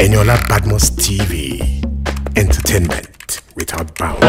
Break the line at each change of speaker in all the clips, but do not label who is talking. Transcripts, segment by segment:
Eniola Badmos TV. Entertainment without bounds.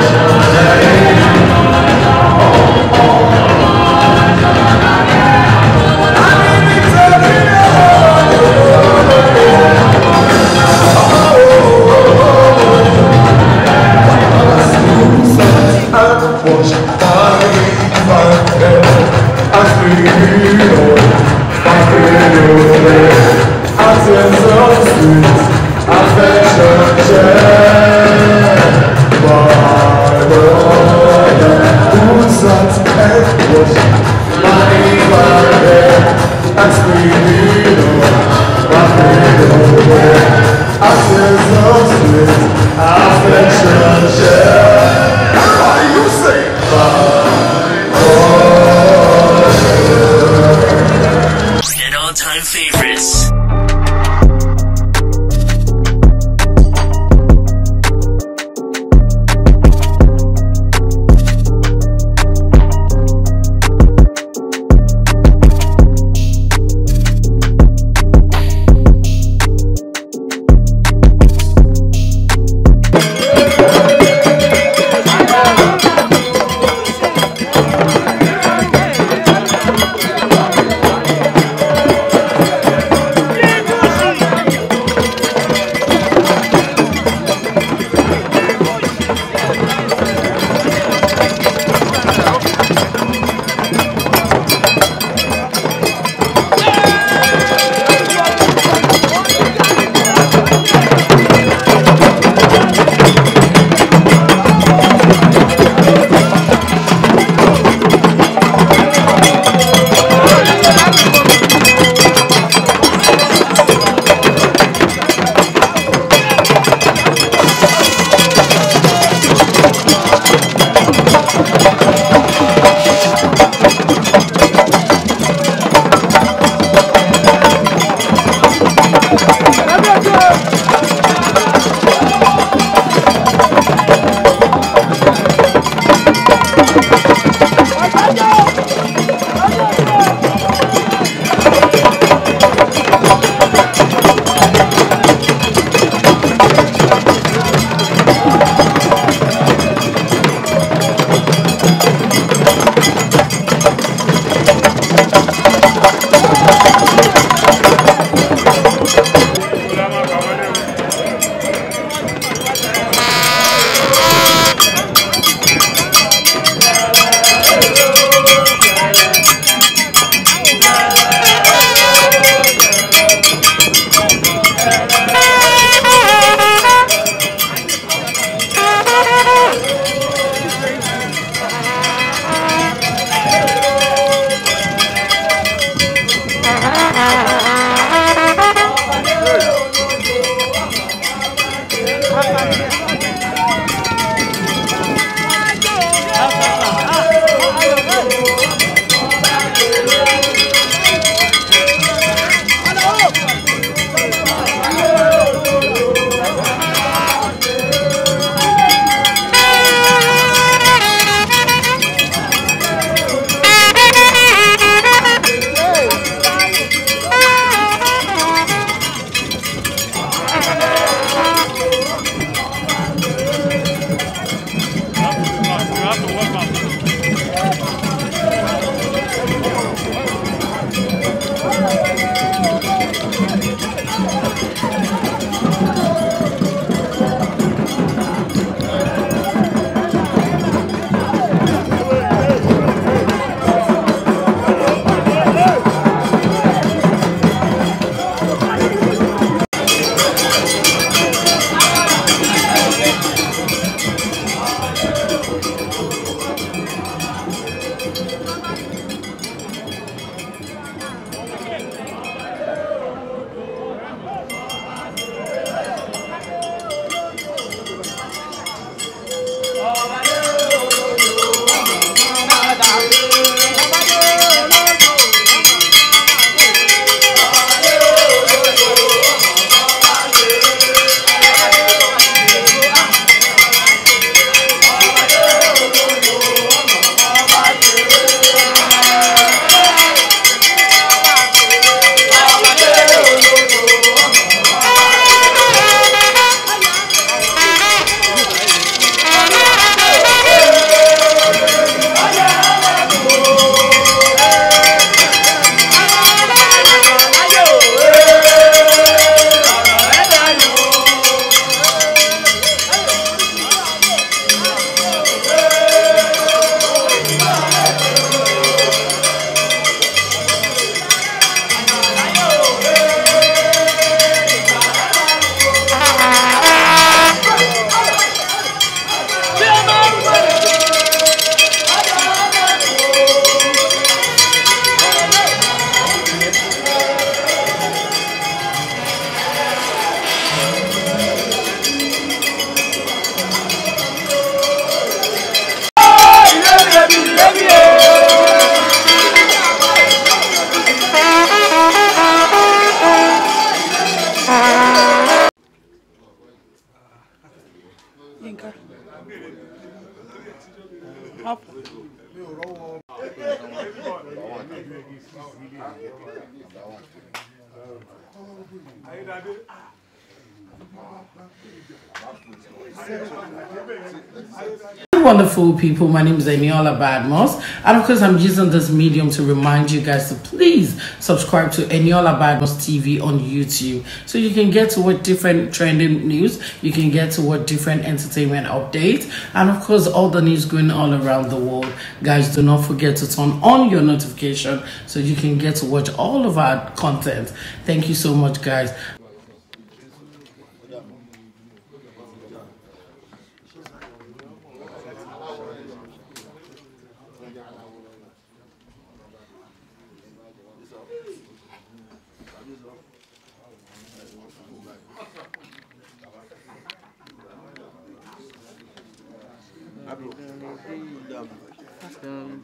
That's me. ayédáadé. wonderful people. My name is Eniola Badmos. And of course, I'm using this medium to remind you guys to please subscribe to Eniola Badmos TV on YouTube. So you can get to what different trending news, you can get to what different entertainment updates, and of course, all the news going all around the world. Guys, do not forget to turn on your notification so you can get to watch all of our content. Thank you so much, guys. Thank you.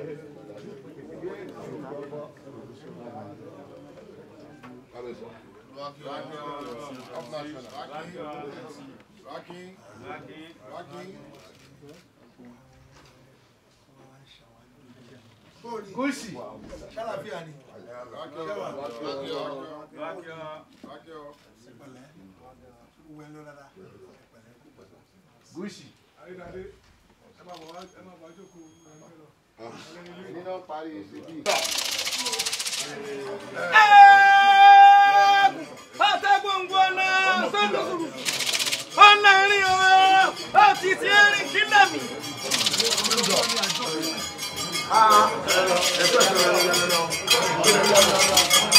Kúsì, ṣàlàfíà ni. Gúsì. Ayédáde, ẹ máa bọ̀ wá jókòó èyí náà parí síbí. àtẹ̀gùn gbọ́nà sọ́dọ̀sọ̀rọ̀ ọ̀nà rìn ọ̀rọ̀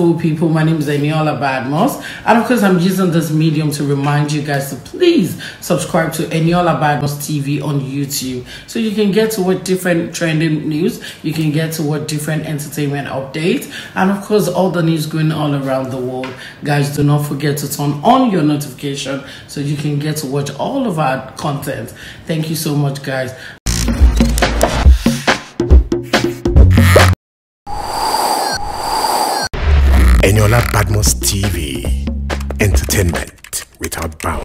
wonderful people. My name is Eniola Badmos. And of course, I'm using this medium to remind you guys to please subscribe to Eniola Badmos TV on YouTube. So you can get to what different trending news, you can get to what different entertainment updates, and of course, all the news going all around the world. Guys, do not forget to turn on your notification so you can get to watch all of our content. Thank you so much, guys. Eniola Badmos TV. Entertainment without bounds.